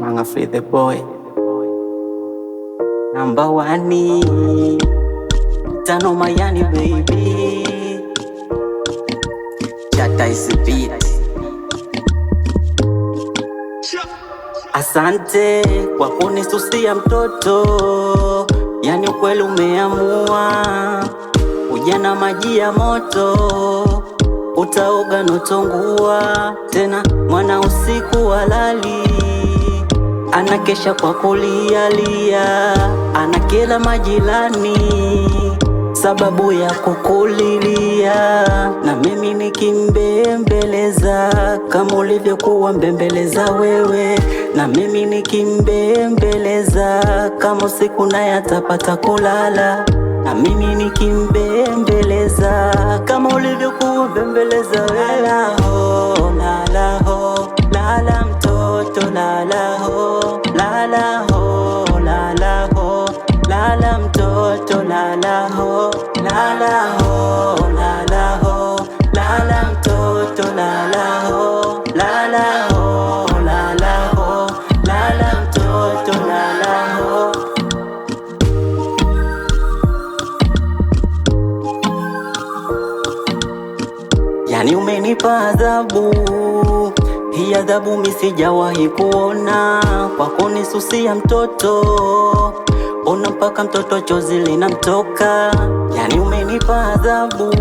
Manga Free the Boy. Number one, tano mayani baby, chata is beat. Asante kwa kunisusia mtoto, yani ukweli umeamua ujana maji ya moto utaoga notongua tena mwana usiku walali anakesha kwa kulialia, anakela majirani sababu ya kukulilia, na mimi nikimbembeleza kama ulivyokuwa mbembeleza wewe, na mimi nikimbembeleza kama siku naye atapata kulala, na mimi nikimbembeleza kama ulivyokuwa mbembeleza wewe. lala ho, lala ho, lala mtoto lala ho, lala ho, lala ho, lala mtoto lala ho, lala ho, lala ho, lala mtoto lala ho. Yani umenipa adhabu hii adhabu mi sijawahi kuona, kwako ni susi ya mtoto. Ona mpaka mtoto chozi linamtoka, yani umenipa adhabu.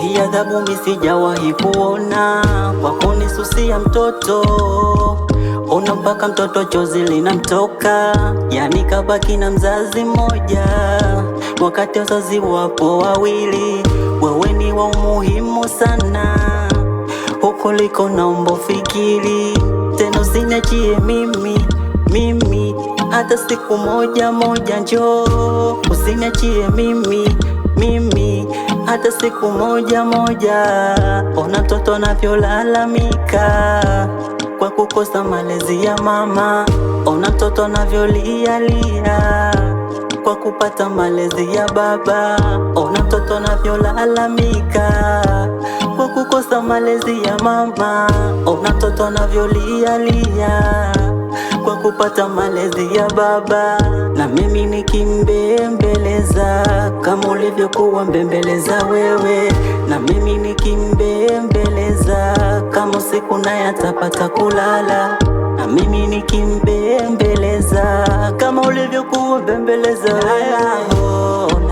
Hii adhabu mi sijawahi kuona, kwako ni susi ya mtoto. Ona mpaka mtoto chozi linamtoka, yani kabaki na mzazi mmoja, wakati wazazi wapo wawili. Wewe ni wa umuhimu sana kuliko naomba fikiri tena, usiniachie mimi mimi hata siku moja moja, njoo usiniachie mimi mimi hata siku moja moja. Ona mtoto anavyolalamika kwa kukosa malezi ya mama, ona mtoto anavyolialia kwa kupata malezi ya baba, ona mtoto anavyolalamika kwa kukosa malezi ya mama, ona oh, mtoto anavyolia lia kwa kupata malezi ya baba. Na mimi nikimbembeleza kama ulivyokuwa mbembeleza wewe, na mimi nikimbembeleza kama siku naye atapata kulala, na mimi nikimbembeleza kama ulivyokuwa mbembeleza wewe